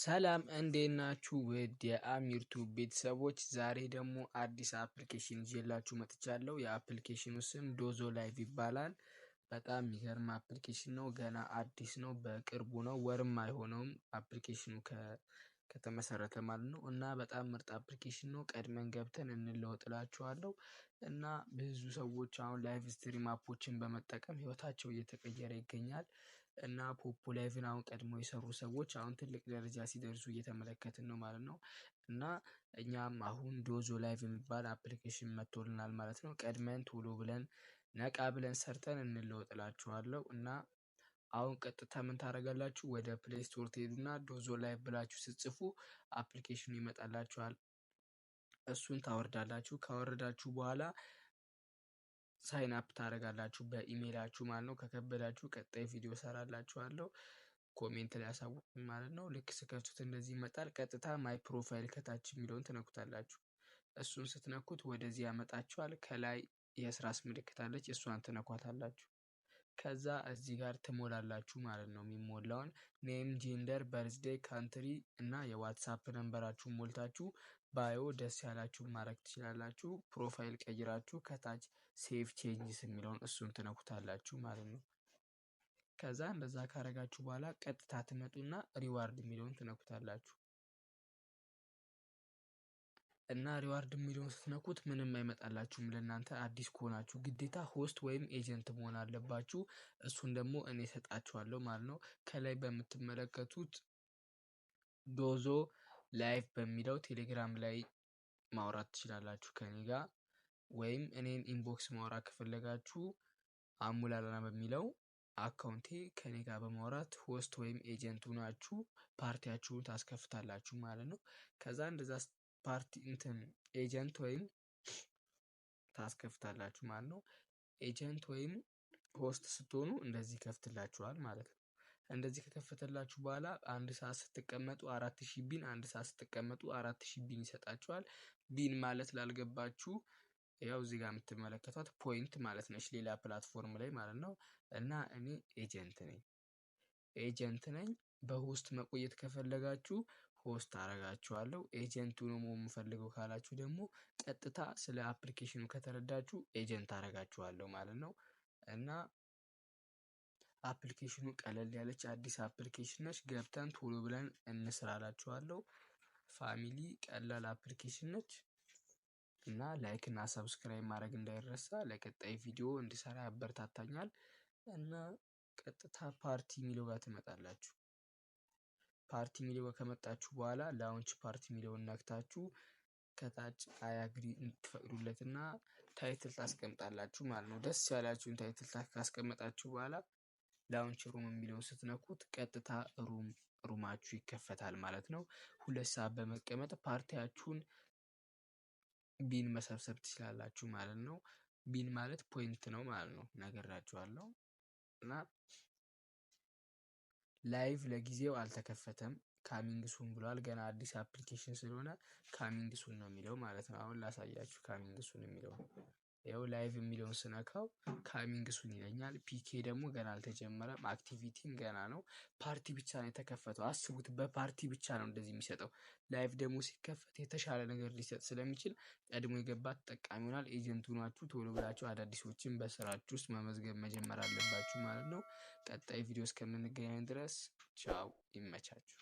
ሰላም እንዴት ናችሁ? ውድ የአሚርቱ ቤተሰቦች ዛሬ ደግሞ አዲስ አፕሊኬሽን ይዤላችሁ መጥቻለሁ። የአፕሊኬሽኑ ስም ዶዞ ላይቭ ይባላል። በጣም የሚገርም አፕሊኬሽን ነው። ገና አዲስ ነው። በቅርቡ ነው፣ ወርም አይሆነውም አፕሊኬሽኑ ከተመሰረተ ማለት ነው። እና በጣም ምርጥ አፕሊኬሽን ነው። ቀድመን ገብተን እንለወጥላችኋለሁ። እና ብዙ ሰዎች አሁን ላይቭ ስትሪም አፖችን በመጠቀም ህይወታቸው እየተቀየረ ይገኛል። እና ፖፖላይቭን አሁን ቀድሞ የሰሩ ሰዎች አሁን ትልቅ ደረጃ ሲደርሱ እየተመለከትን ነው ማለት ነው። እና እኛም አሁን ዶዞ ላይቭ የሚባል አፕሊኬሽን መጥቶልናል ማለት ነው። ቀድመን ቶሎ ብለን ነቃ ብለን ሰርተን እንለወጥ እና አሁን ቀጥታ ምን ታደርጋላችሁ? ወደ ፕሌይ ስቶር ትሄዱና ዶዞ ላይቭ ብላችሁ ስትጽፉ አፕሊኬሽኑ ይመጣላችኋል። እሱን ታወርዳላችሁ። ካወረዳችሁ በኋላ ሳይን አፕ ታደርጋላችሁ በኢሜይላችሁ ማለት ነው። ከከበዳችሁ ቀጣይ ቪዲዮ እሰራላችኋለሁ ኮሜንት ላይ አሳውቁኝ ማለት ነው። ልክ ስከፍቱት እንደዚህ ይመጣል። ቀጥታ ማይ ፕሮፋይል ከታች የሚለውን ትነኩታላችሁ። እሱን ስትነኩት ወደዚህ ያመጣችኋል። ከላይ የስራስ ምልክት አለች፣ እሷን ትነኳታላችሁ። ከዛ እዚህ ጋር ትሞላላችሁ ማለት ነው። የሚሞላውን ኔም፣ ጄንደር፣ በርዝዴይ፣ ካንትሪ እና የዋትሳፕ ነንበራችሁ ሞልታችሁ ባዮ ደስ ያላችሁ ማድረግ ትችላላችሁ። ፕሮፋይል ቀይራችሁ ከታች ሴቭ ቼንጅስ የሚለውን እሱን ትነኩታላችሁ ማለት ነው። ከዛ እንደዛ ካረጋችሁ በኋላ ቀጥታ ትመጡና ሪዋርድ የሚለውን ትነኩታላችሁ። እና ሪዋርድ የሚለውን ስትነኩት ምንም አይመጣላችሁም። ለእናንተ አዲስ ከሆናችሁ ግዴታ ሆስት ወይም ኤጀንት መሆን አለባችሁ። እሱን ደግሞ እኔ ሰጣችኋለሁ ማለት ነው። ከላይ በምትመለከቱት ዶዞ ላይቭ በሚለው ቴሌግራም ላይ ማውራት ትችላላችሁ ከኔ ጋር ወይም እኔን ኢንቦክስ ማውራት ከፈለጋችሁ አሙላላና በሚለው አካውንቴ ከኔ ጋር በማውራት ሆስት ወይም ኤጀንቱ ናችሁ ፓርቲያችሁን ታስከፍታላችሁ ማለት ነው። ከዛ እንደዛ ፓርቲ እንትን ኤጀንት ወይም ታስከፍታላችሁ ማለት ነው። ኤጀንት ወይም ሆስት ስትሆኑ እንደዚህ ከፍትላችኋል ማለት ነው። እንደዚህ ከከፈተላችሁ በኋላ አንድ ሰዓት ስትቀመጡ አራት ሺ ቢን አንድ ሰዓት ስትቀመጡ አራት ሺ ቢን ይሰጣችኋል። ቢን ማለት ላልገባችሁ ያው እዚህ ጋር የምትመለከቷት ፖይንት ማለት ነች፣ ሌላ ፕላትፎርም ላይ ማለት ነው። እና እኔ ኤጀንት ነኝ ኤጀንት ነኝ። በሆስት መቆየት ከፈለጋችሁ ፖስት አደርጋችኋለሁ። ኤጀንቱ ነው የምፈልገው ካላችሁ ደግሞ ቀጥታ ስለ አፕሊኬሽኑ ከተረዳችሁ ኤጀንት አደርጋችኋለሁ ማለት ነው እና አፕሊኬሽኑ ቀለል ያለች አዲስ አፕሊኬሽን ነች። ገብተን ቶሎ ብለን እንስራላችኋለሁ። ፋሚሊ ቀላል አፕሊኬሽን ነች እና ላይክ እና ሰብስክራይብ ማድረግ እንዳይረሳ። ለቀጣይ ቪዲዮ እንዲሰራ ያበረታታኛል እና ቀጥታ ፓርቲ የሚለው ጋር ትመጣላችሁ። ፓርቲ የሚለው ከመጣችሁ በኋላ ላውንች ፓርቲ የሚለውን ነክታችሁ ከታች አይ አግሪ እና ታይትል ታስቀምጣላችሁ ማለት ነው። ደስ ያላችሁን ታይትል ካስቀመጣችሁ በኋላ ላውንች ሩም የሚለውን ስትነኩት ቀጥታ ሩም ሩማችሁ ይከፈታል ማለት ነው። ሁለት ሰዓት በመቀመጥ ፓርቲያችሁን ቢን መሰብሰብ ትችላላችሁ ማለት ነው። ቢን ማለት ፖይንት ነው ማለት ነው። ነገራችኋለሁ እና ላይቭ ለጊዜው አልተከፈተም ካሚንግ ሱን ብሏል። ገና አዲስ አፕሊኬሽን ስለሆነ ካሚንግ ሱን ነው የሚለው ማለት ነው። አሁን ላሳያችሁ ካሚንግ ሱን የሚለው ይኸው ላይቭ የሚለውን ስነካው ካሚንግ ሱን ይለኛል። ፒኬ ደግሞ ገና አልተጀመረም። አክቲቪቲም ገና ነው። ፓርቲ ብቻ ነው የተከፈተው። አስቡት፣ በፓርቲ ብቻ ነው እንደዚህ የሚሰጠው። ላይቭ ደግሞ ሲከፈት የተሻለ ነገር ሊሰጥ ስለሚችል ቀድሞ የገባ ተጠቃሚ ይሆናል። ኤጀንቱ ናችሁ። ቶሎ ብላችሁ አዳዲሶችን በስራችሁ ውስጥ መመዝገብ መጀመር አለባችሁ ማለት ነው። ቀጣይ ቪዲዮ እስከምንገናኝ ድረስ ቻው፣ ይመቻችሁ።